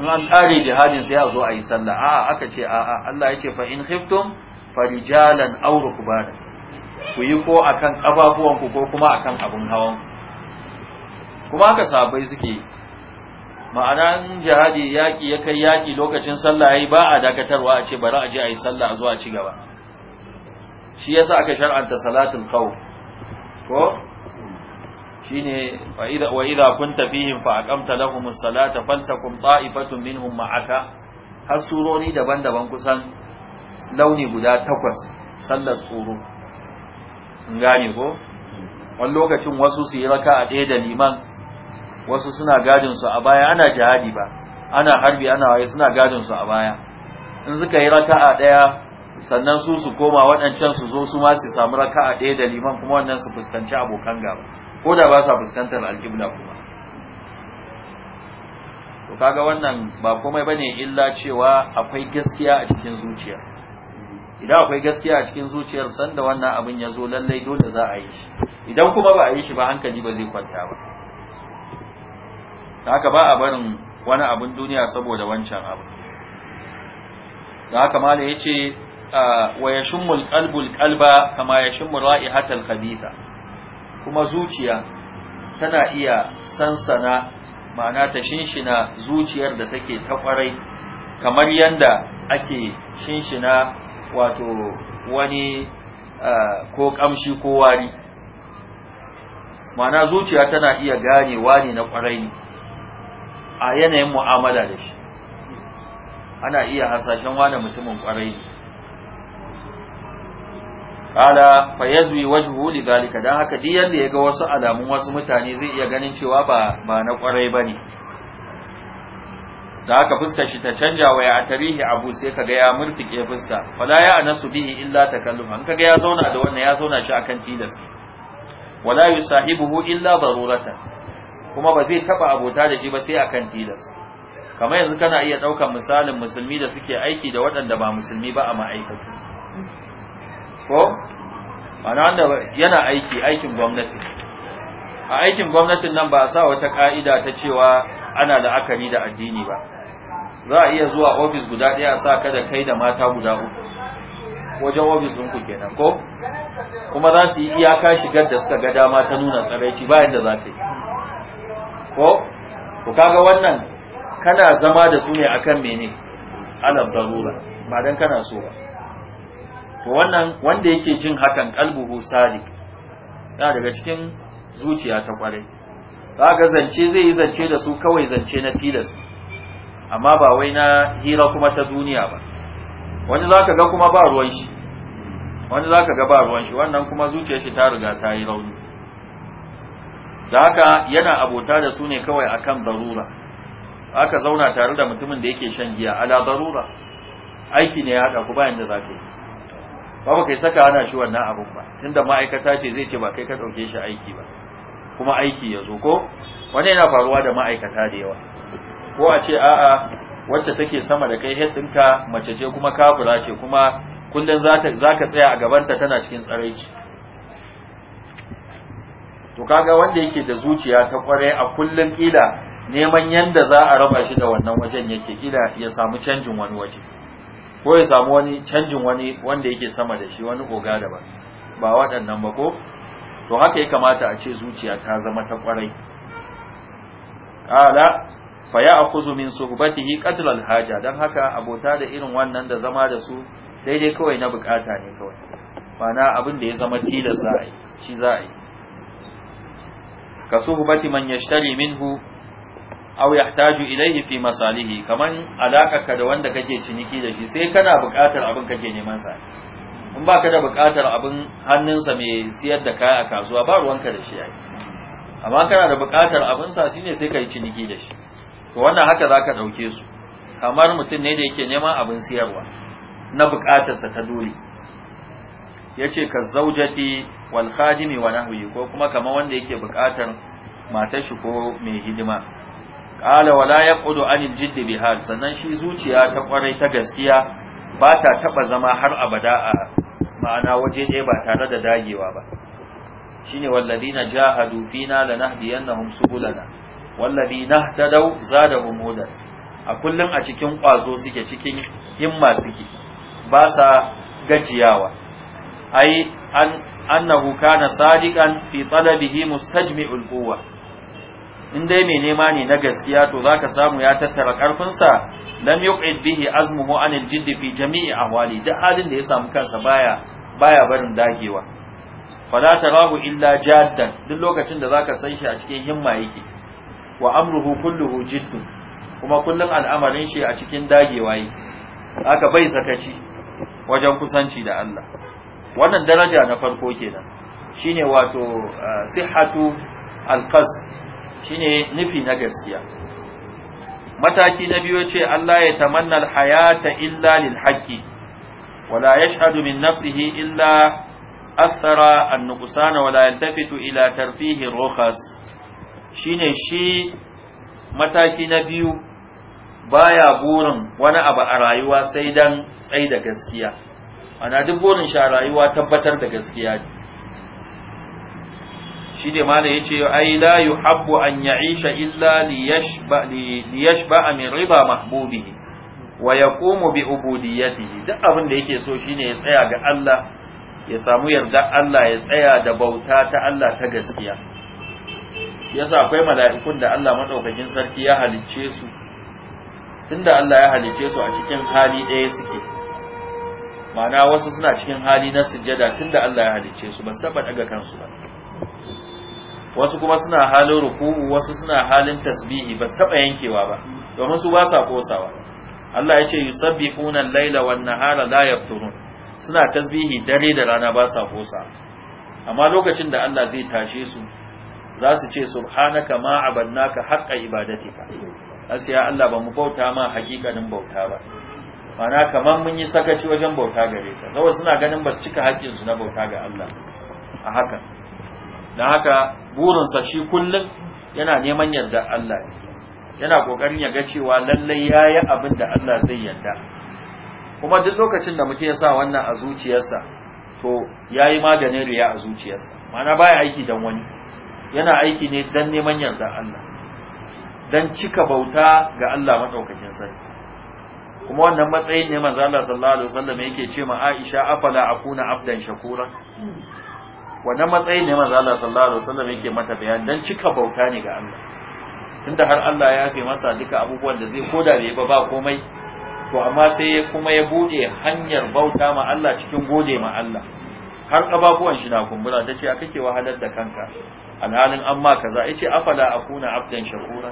in an ƙare jihadin sai a zo a yi sallah a'a aka ce a'a Allah ya ce fa in khiftum farijalan aw rukbana ku yi ko akan kafafuwanku ko kuma akan abun hawan kuma haka sabai suke ma'ana jihadi yaƙi ya kai yaƙi lokacin sallah yayi ba a dakatarwa a ce bari a je a yi sallah a zo a ci gaba shi yasa aka shar'anta salatul khawf ko shine wa idha wa idha kunta fihim fa aqamta lahumus salata faltakum ta'ifatun minhum ma'aka har surori daban-daban kusan launi guda takwas sallar tsoro in gane ko wani lokacin wasu su yi raka a ɗaya da liman wasu suna gadin su a baya ana jihadi ba ana harbi ana waye suna gadin su a baya in suka yi raka'a daya sannan su su koma waɗancan su zo su ma su samu raka'a daya da liman kuma wannan su fuskanci abokan gaba ko da ba sa fuskantar alƙibla kuma to kaga wannan ba komai bane illa cewa akwai gaskiya a cikin zuciya idan akwai gaskiya a cikin zuciyar sanda wannan abin ya zo lallai dole za a yi shi idan kuma ba a yi shi ba hankali ba zai kwanta ba da haka ba a barin wani abin duniya saboda wancan abu da haka mala ya ce wa ya shimmul kalbul kama ya shimmul ra'ihatal khabitha kuma zuciya tana iya sansana ma'ana ta shinshina zuciyar da take ta kamar yanda ake shinshina wato wani ko kamshi ko wari ma'ana zuciya tana iya gane wani na kwarai a yanayin mu'amala da shi ana iya hasashen wani mutumin kwarai ne ala fa yazwi wajhu li zalika dan haka duk yanda yaga wasu alamun wasu mutane zai iya ganin cewa ba ba na kwarai bane dan haka fuska shi ta canja waya ya tarihi abu sai kaga ya murtike fuska fala ya anasu bihi illa takalluma an kaga ya zauna da wannan ya zauna shi akan tilas wala yusahibuhu illa daruratan kuma ba zai taba abota da shi ba sai akan tilas kamar yanzu kana iya ɗaukan misalin musulmi da suke aiki da waɗanda ba musulmi ba a ma'aikatu ko ana wanda yana aiki aikin gwamnati a aikin gwamnatin nan ba a sa wata ka'ida ta cewa ana la'akari da addini ba za a iya zuwa ofis guda ɗaya a sa ka da kai da mata guda uku wajen ofis ku kenan ko kuma za su yi iyaka shigar da suka ga dama ta nuna tsaraici bayan da za ta yi ko to kaga wannan kana zama da su ne akan mene ala zarura ba dan kana so ba to wannan wanda yake jin hakan qalbuhu sadiq yana daga cikin zuciya ta kwarai kaga zance zai yi zance da su kawai zance na tilas amma ba wai na hira kuma ta duniya ba wani zaka ga kuma ba ruwan shi wani zaka ga ba ruwan shi wannan kuma zuciyar shi ta riga ta yi rauni da haka yana abota da su ne kawai akan darura aka zauna tare da mutumin da yake shan giya ala darura aiki ne ya haɗa ku bayan da za ka yi ba kai saka ana shi wannan abun ba tunda ma'aikata ce zai ce ba kai ka ɗauke shi aiki ba kuma aiki ya zo ko wani yana faruwa da ma'aikata da yawa ko a ce a'a wacce take sama da kai head ɗinka mace ce kuma kafura ce kuma kullum za ka tsaya a gabanta tana cikin tsaraici to kaga wanda yake da zuciya ta kwarai a kullum kila neman yanda za a raba shi da wannan wajen yake kila ya samu canjin wani waje ko ya samu wani canjin wani wanda yake sama da shi wani oga da ba ba waɗannan ba ko to haka ya kamata a ce zuciya ta zama ta kwarai ala fa ya akuzu min suhbatihi qadra al-haja dan haka abota da irin wannan da zama da su daidai kawai na bukata ne kawai na abin da ya zama tilas za a shi za a yi ka suhbati man yashtari minhu aw yahtaju ilayhi fi masalihi kaman alakarka da wanda kake ciniki da shi sai kana buƙatar abin kake neman sa in baka da buƙatar abin hannunsa mai siyar da kaya a kasuwa ba ruwanka da shi yayi amma kana da buƙatar abin sa shine sai kai ciniki da shi to wannan haka zaka ɗauke su kamar mutum ne da yake neman abin siyarwa na buƙatarsa ta dole yace ka zaujati wal khadimi wa nahwi ko kuma kamar wanda yake buƙatar matar shi ko mai hidima qala wala yaqudu anil jiddi bihal sannan shi zuciya ta kwarai ta gaskiya ba ta taba zama har abada a ma'ana waje ɗaya ba tare da dagewa ba shine walladina jahadu fina lanahdiyannahum subulana walladina tadaw zadahum hudan a kullum a cikin kwazo suke cikin himma suke ba sa gajiyawa ai annahu kana sadiqan fi talabihi mustajmi'ul quwwa in dai mai nema ne na gaskiya to zaka samu ya tattara karfinsa lam yuqid bihi azmuhu an jiddi fi jami'i ahwali duk halin da ya samu kansa baya baya barin dagewa fala tarahu illa jaddan duk lokacin da zaka san shi a cikin himma yake wa amruhu kulluhu jiddun kuma kullun al'amarin shi a cikin dagewa yake haka bai sakaci wajen kusanci da Allah wannan daraja na farko kenan shine wato eh, sihhatu alqasd shine nufi na gaskiya mataki na biyu ce Allah ya tamanna alhayata illa lil haqqi wala yashhadu min nafsihi illa athara an-nuqsana wala yaltafitu ila tarfihi rukhas shine shi mataki na biyu baya burin wani abu a rayuwa sai dan tsaida gaskiya ana duk burin sha rayuwa tabbatar da gaskiya ne shi ne mana ya ce ai la yuhabbu an ya'isha illa liyashba min riba mahbubi wa yaqumu bi ubudiyyatihi duk abin da yake so shine ya tsaya ga Allah ya samu yarda Allah ya tsaya da bauta ta Allah ta gaskiya yasa akwai mala'ikun da Allah madaukakin sarki ya halicce su tunda Allah ya halicce su a cikin hali ɗaya suke ma'ana wasu suna cikin hali na sujjada tunda Allah ya halicce su ba su taba daga kansu ba wasu kuma suna halin ruku'u wasu suna halin tasbihi ba su taba yankewa ba domin su ba sa kosawa Allah ya ce yusabbihuna al-laila wan nahara la yafturun suna tasbihi dare da rana ba sa kosa amma lokacin da Allah zai tashe su za su ce subhanaka ma abannaka haqqa ibadatika asiya Allah ba mu bauta ma hakikanin bauta ba mana kamar mun yi sakaci wajen bauta gare ka saboda suna ganin ba su cika haƙƙinsu na bauta ga Allah a haka na haka burinsa shi kullum yana neman yarda Allah yana ƙoƙarin ya ga cewa lallai ya yi abin da Allah zai yarda kuma duk lokacin da mutum ya sa wannan a zuciyarsa to ya yi maganin riya a zuciyarsa mana baya aiki don wani yana aiki ne don neman yarda Allah don cika bauta ga Allah maɗaukakin sarki kuma wannan matsayin ne manzo Allah sallallahu alaihi wasallam yake ce ma Aisha afala akuna abdan shakura wannan matsayin ne manzo Allah sallallahu alaihi wasallam yake mata bayan dan cika bauta ne ga Allah tunda har Allah ya yafe masa duka abubuwan da zai koda bai ba ba komai to amma sai kuma ya bude hanyar bauta ma Allah cikin gode ma Allah har kababuwan shi na kumbura ta ce a kake wahalar da kanka alhalin amma kaza yace afala akuna abdan shakura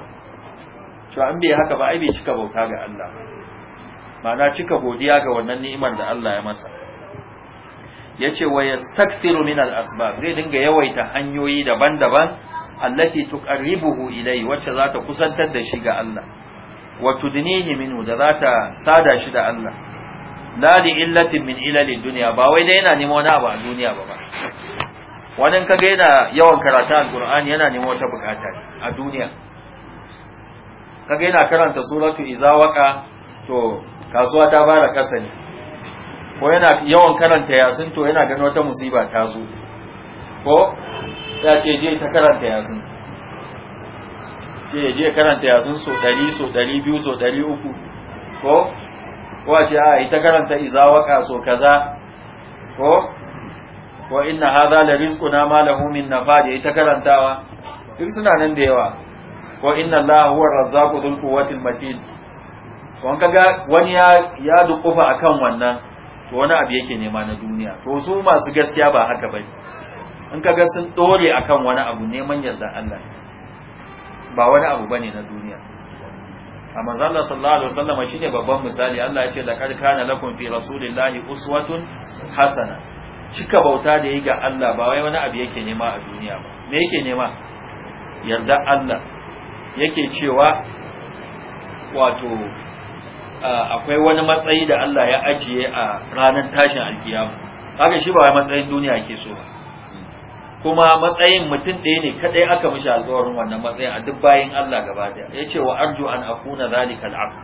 to an bai haka ba ai bai cika bauta ga Allah ma'ana cika godiya ga wannan ni'imar da Allah ya masa yace wa yastakfiru min al-asbab zai dinga yawaita hanyoyi daban-daban allati tuqarribuhu ilai wacce za ta kusantar da shi ga Allah wa tudnihi minhu da za ta sada shi da Allah la li illatin min ilalid dunya ba wai dai yana nemo wani abu a duniya ba ba wani kaga yana yawan al qurani yana nemo wata bukata a duniya kaga yana karanta suratu izawaka to kasuwa ta fara kasa ne ko yana yawan karanta yasin to yana ganin wata musiba ta zo ko ya ce je ta karanta yasin ce je karanta yasin so dari so biyu so uku? ko kowa ce a ita karanta izawaka so kaza ko ko inna hadha la rizquna na lahu min nafad ita karantawa duk suna nan da yawa ko inna allaha huwa razzaqu dhul quwwati matin to ka ga wani ya ya dukufa akan wannan to wani abu yake nema na duniya to su masu gaskiya ba haka bane in ka ga sun dore akan wani abu neman yardan Allah ba wani abu bane na duniya A manzo Allah sallallahu alaihi wasallam shine babban misali Allah ya ce kad kana lakum fi rasulillahi uswatun hasana cika bauta da yi ga Allah ba wai wani abu yake nema a duniya ba me yake nema yarda Allah yake cewa wato akwai wani matsayi da Allah ya ajiye a ranar tashin alkiyama haka shi ba wai matsayin duniya ke so ba kuma matsayin mutum ɗaya ne kadai aka mishi alƙawarin wannan matsayin a duk bayin Allah gaba Ya ce wa arju an akuna zalikal abd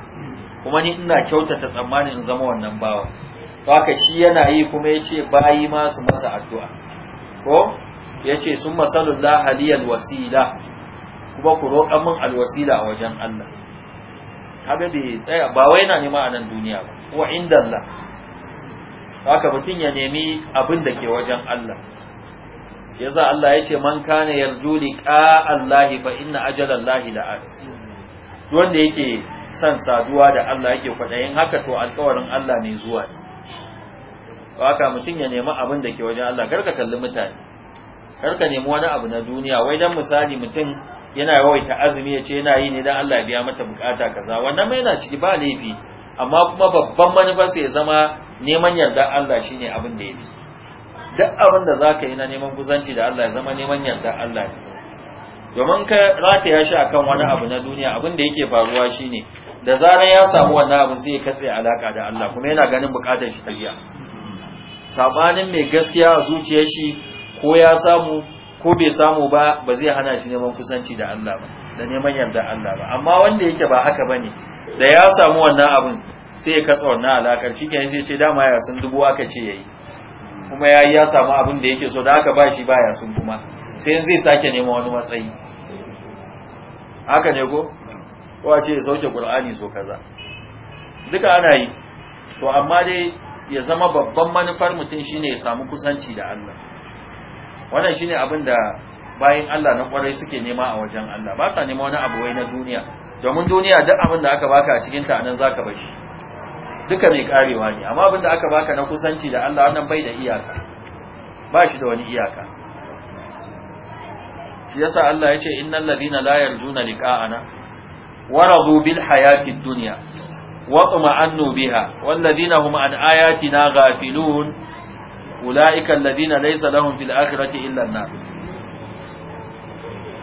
kuma ni ina kyautata tsammanin in zama wannan bawa to haka shi yana yi kuma ya ce bayi ma su masa addu'a ko ya ce summa sallallahu aliyal wasila kuma ku roƙa min alwasila a wajen Allah kaga bai tsaya ba wai na nema a nan duniya ba wa inda Allah haka mutum ya nemi abin da ke wajen Allah yasa Allah ya ce man kana yarju liqa Allah fa inna ajala Allah la'at wanda yake son saduwa da Allah yake yin haka to alƙawarin Allah ne zuwa haka mutum ya nemi abin da ke wajen Allah karka kalli mutane karka nemi wani abu na duniya wai dan misali mutum yana yawaita azumi ya ce yana yi ne dan Allah ya biya mata bukata kaza wannan mai yana ciki ba laifi amma kuma babban manufarsa ya zama neman yarda Allah shine abin da fi. duk abin da zaka yi na neman kuzanci da Allah ya zama neman yarda Allah ne domin ka rataya shi akan wani abu na duniya abin da yake faruwa shine da zarar ya samu wannan abu zai katse alaka da Allah kuma yana ganin bukatar shi ta biya sabanin mai gaskiya a zuciyar shi ko ya samu ko bai samu ba ba zai hana shi neman kusanci da Allah ba da neman yarda Allah ba amma wanda yake ba haka bane da ya samu wannan abin sai ya katsa wannan alakar shi kenan sai ce dama ya sun dubu aka ce yayi kuma ya ya samu abin da yake so da aka ba shi ba ya sun kuma sai zai sake neman wani matsayi haka ne ko ko a ce ya sauke Qur'ani so kaza duka ana yi to amma dai ya zama babban manufar mutum shine ya samu kusanci da Allah wannan shine abin da bayin Allah na kwarai suke nema a wajen Allah ba sa nema wani abu wai na duniya domin duniya duk abin da aka baka a cikin ta nan zaka bar shi duka mai karewa ne amma abin da aka baka na kusanci da Allah wannan bai da iyaka ba shi da wani iyaka shi yasa Allah ya ce innal ladina la yarjuna liqa'ana waradu bil hayatid dunya wa tuma'annu biha wal ladina hum an ayatina ghafilun ulaika alladhina laysa lahum fil akhirati illa an-nar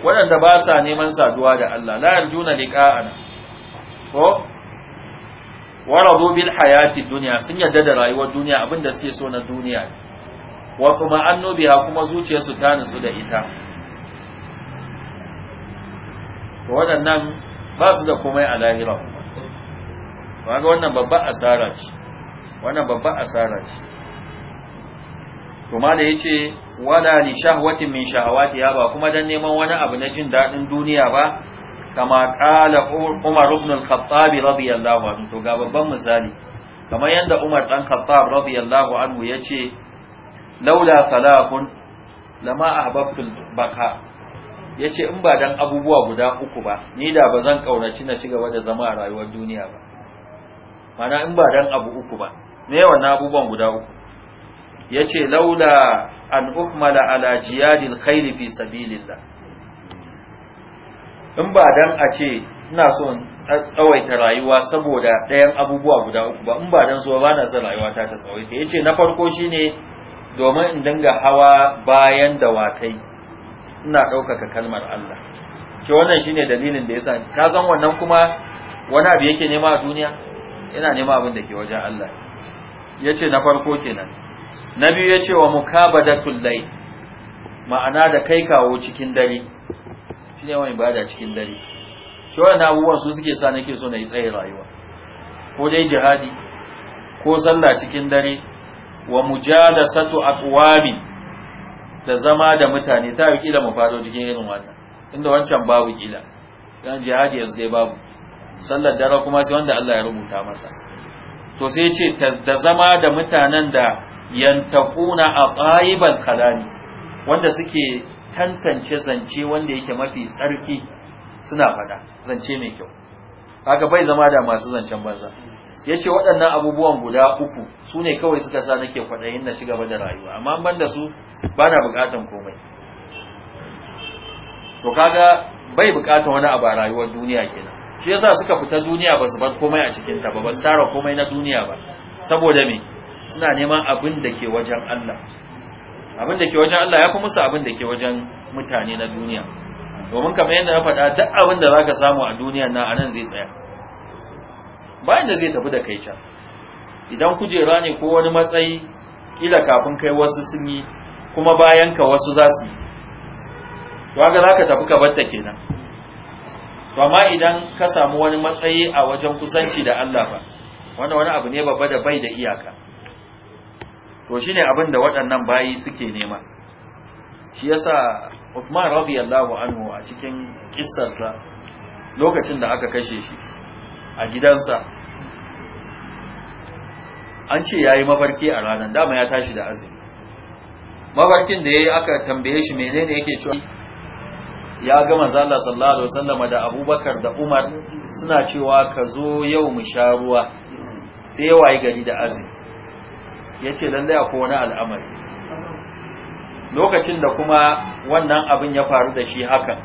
wadanda ba sa neman saduwa da Allah la yarjuna liqa'ana ko waradu bil hayati dunya sun yadda da rayuwar duniya abinda suke so na duniya wa kuma annubiha kuma su ta nutsu da ita waɗannan ba su da komai a lahira ba ga wannan babban asara ce wannan babban asara ce kuma da yace wala li shahwatin min shahawatiha ba kuma dan neman wani abu na jin dadin duniya ba kama qala Umar ibn al-Khattab radiyallahu anhu to ga babban misali kamar yanda Umar dan Khattab radiyallahu anhu yace laula salafun lama ahbabtu baka yace in ba dan abubuwa guda uku ba ni da bazan kauraci na cigaba da zama a rayuwar duniya ba mana in ba dan abu uku ba me wannan abubuwan guda uku yace laula an ukmala ala jiyadil khayl fi sabilillah in ba dan a ce ina so in tsawaita rayuwa saboda ɗayan abubuwa guda uku ba in ba dan so ba na son rayuwa ta ta tsawaita yace na farko shine domin in dinga hawa bayan dawakai ina ɗaukaka kalmar Allah ke wannan shine dalilin da yasa ka san wannan kuma wani abu yake nema a duniya yana nema abin da ke wajen Allah yace na farko kenan na biyu ya ce wa mukabadatul layl ma'ana da kai kawo cikin dare shi ne wani bada cikin dare shi wani abubuwan su suke sa nake so na yi tsaye rayuwa ko dai jihadi ko sallah cikin dare wa mujalasatu aqwamin da zama da mutane ta yi kila mu cikin irin wannan inda wancan babu kila dan jihadi yanzu dai babu sallar dare kuma sai wanda Allah ya rubuta masa to sai ya ce da zama da mutanen da yantakuna a ƙa'ibar kalami wanda suke tantance zance wanda yake mafi tsarki suna fada zance mai kyau haka bai zama da masu zancen banza ya ce waɗannan abubuwan guda uku su ne kawai suka sa nake kwaɗayin na ci gaba da rayuwa amma ban da su ba na buƙatan komai to kaga bai buƙatan wani abu a rayuwar duniya kenan shi yasa suka fita duniya ba su bar komai a cikinta ba ba su tara komai na duniya ba saboda me suna neman abin da ke wajen Allah abin da ke wajen Allah ya fi musu abin da ke wajen mutane na duniya domin kamar yadda na faɗa duk abin da zaka samu a duniya na a nan zai tsaya bayan da zai tafi da kai can idan kujera ne ko wani matsayi kila kafin kai wasu sun yi kuma bayan ka wasu za su yi to haka za ka tafi ka batta kenan to amma idan ka samu wani matsayi a wajen kusanci da Allah ba wanda wani abu ne babba da bai da iyaka to shine abin da waɗannan bayi suke nema shi yasa Uthman radiyallahu anhu a cikin kissarsa lokacin da aka kashe shi a gidansa an ce yayi mafarki a ranar dama ya tashi da azumi mafarkin da yayi aka tambaye shi menene yake cewa ya ga manzo Allah sallallahu alaihi wasallam da Abubakar da Umar suna cewa ka zo yau mu sha ruwa sai wayi gari da azumi ya ce lallai ya wani al'amari lokacin da kuma wannan abin ya faru da shi hakan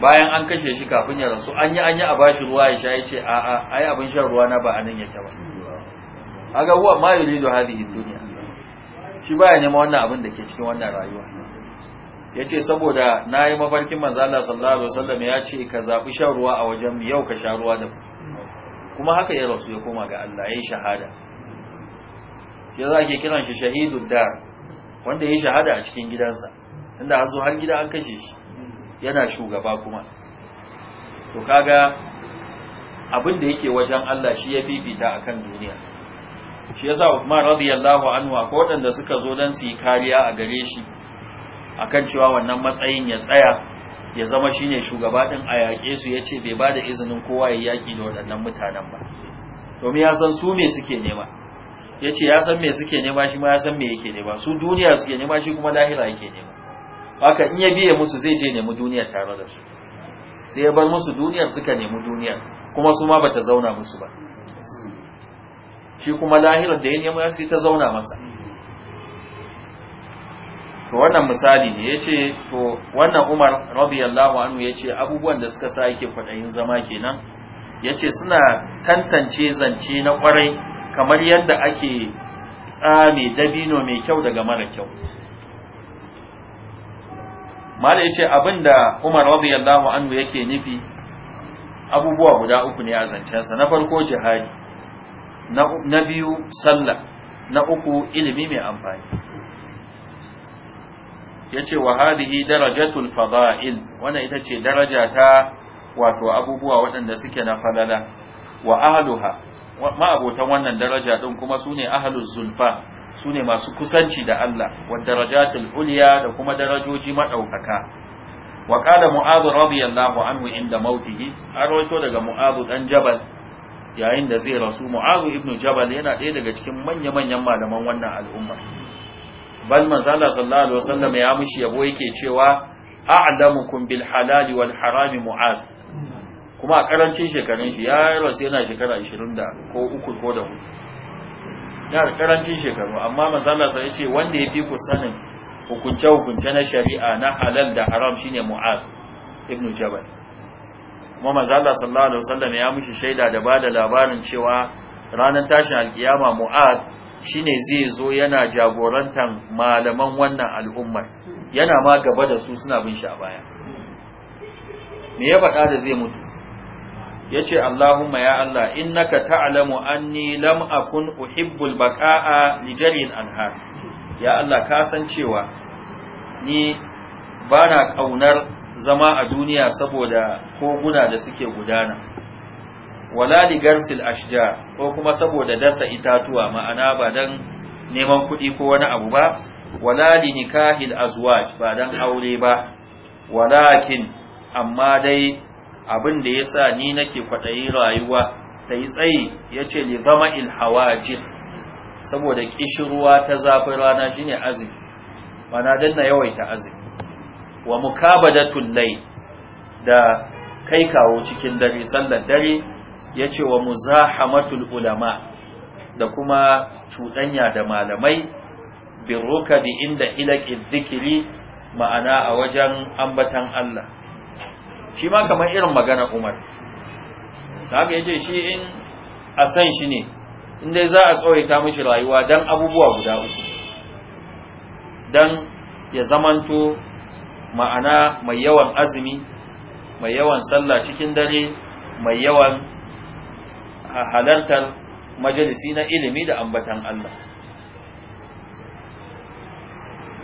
bayan an kashe shi kafin ya rasu an yi an yi a bashi ruwa ya sha ya ce a a ai abin shan ruwa na ba a nan yake ba ga huwa ma da hadhihi duniya. shi baya nema wannan abin da ke cikin wannan rayuwa Ya ce saboda na yi mafarkin manzo Allah sallallahu alaihi ya ce ka zabi shan ruwa a wajen yau ka sha ruwa da kuma haka ya rasu ya koma ga Allah ya yi shahada za ake kiran shi shahidun da wanda ya shahada a cikin gidansa inda an zo har gida an kashe shi yana shugaba kuma to kaga abin da yake wajen Allah shi ya fifita akan duniya shi yasa Uthman radiyallahu anhu a waɗanda suka zo dan su yi kariya a gare shi akan cewa wannan matsayin ya tsaya ya zama shine shugaba ɗin a yaƙe su ce bai ba da izinin kowa ya yaki da waɗannan mutanen ba domin ya san su me suke nema ya ce ya san me suke nema shi ma ya san me yake nema su duniya suke nema shi kuma lahira yake nema haka in ya biye musu zai je nemi duniya tare da su sai ya bar musu duniyar suka nemi duniya kuma su ma bata zauna musu ba shi kuma lahira da ya nema sai ta zauna masa to wannan misali ne yace to wannan Umar radiyallahu anhu yace abubuwan da suka sa yake kwadayin zama kenan yace suna tantance zance na kwarai kamar yadda ake tsame dabino mai kyau daga mara kyau mala ya ce abinda umar radiyallahu anhu yake nufi abubuwa guda uku ne a zancensa na farko jihadi na biyu sallah na uku ilimi mai amfani ya ce wa hadihi darajatul fada'il wannan ita ce daraja ta wato abubuwa waɗanda suke na falala wa ahluha ma'abotan wannan daraja din kuma su ne ahalus zulfa su ne masu kusanci da Allah wadda darajatul uliya da kuma darajoji madaukaka wa qala mu'adh radiyallahu anhu inda mautihi arwaito daga mu'adh dan jabal yayin da zai rasu mu'adh ibnu jabal yana ɗaya daga cikin manya manyan malaman wannan al'umma bal manzo sallallahu alaihi wasallam ya mushi yabo yake cewa a'lamukum bil halali wal harami mu'adh kuma a karancin shekarun shi ya yi rasu yana shekara 20 da ko uku ko da hudu ya da karancin shekaru amma mazala sa ya ce wanda ya fi ku sanin hukunce-hukunce na shari'a na halal da haram shine mu'ad ibn jabal kuma mazala sallallahu alaihi wasallam ya mushi shaida da ba da labarin cewa ranar tashin alkiyama mu'ad shine zai zo yana jagorantar malaman wannan al'ummar yana ma gaba da su suna bin shi a baya me ya faɗa da zai mutu Ya ce Allahumma ya Allah innaka ta'lamu anni lam akun uhibbul baqa'a li jalil anha ya Allah ka san cewa ni bana kaunar zama a duniya saboda koguna da suke gudana wala li garsil ashjar ko kuma saboda dasa itatuwa ma'ana ba dan neman kuɗi ko wani abu ba wala li nikahil azwaj ba dan aure ba walakin amma dai abin da ya sa ni nake kwaɗayi rayuwa ta yi tsayi ya ce li zama saboda ƙishirwa ta zafin rana ne azumi mana don na yawaita azumi wa da Tullai da kai kawo cikin dare sallar dare ya ce wa muzahamatul ulama da kuma cuɗanya da malamai birruka bi inda ilaƙin zikiri ma'ana a wajen ambatan Allah shi ma kamar irin magana umar da haka yace shi in a san shi ne in dai za a tsawaita mashi rayuwa dan abubuwa guda uku dan ya zamanto ma'ana mai yawan azumi mai yawan sallah cikin dare mai yawan halartar majalisi na ilimi da ambatan Allah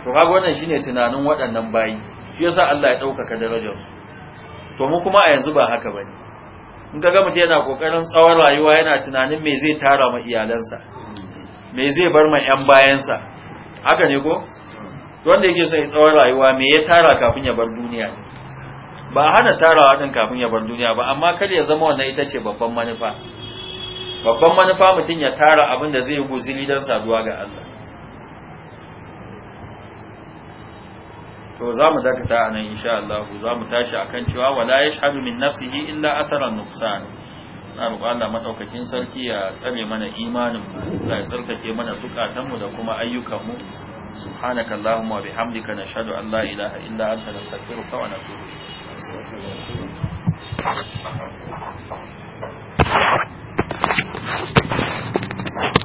to kaga wannan shine tunanin waɗannan bayi shi yasa Allah ya ɗaukaka darajarsu to mu kuma a yanzu ba haka bane in ka ga mutum yana kokarin tsawon rayuwa yana tunanin me zai tara ma iyalansa me zai bar ma yan bayansa haka ne ko wanda yake son tsawon rayuwa me ya tara kafin ya bar duniya ba hana tarawa din kafin ya bar duniya ba amma kada ya zama wannan ita ce babban manufa babban manufa mutum ya tara abin da zai yi guzili don saduwa ga Allah to za mu dakata a nan insha Allah za mu tashi akan cewa wala yashhadu min nafsihi illa atharan nuqsan na roƙon Allah madaukakin sarki ya tsare mana imanin mu ya tsarkake mana zukatan mu da kuma ayyukan mu subhanaka allahumma bihamdika nashhadu an la ilaha illa anta nastaghfiruka wa natubu ilayk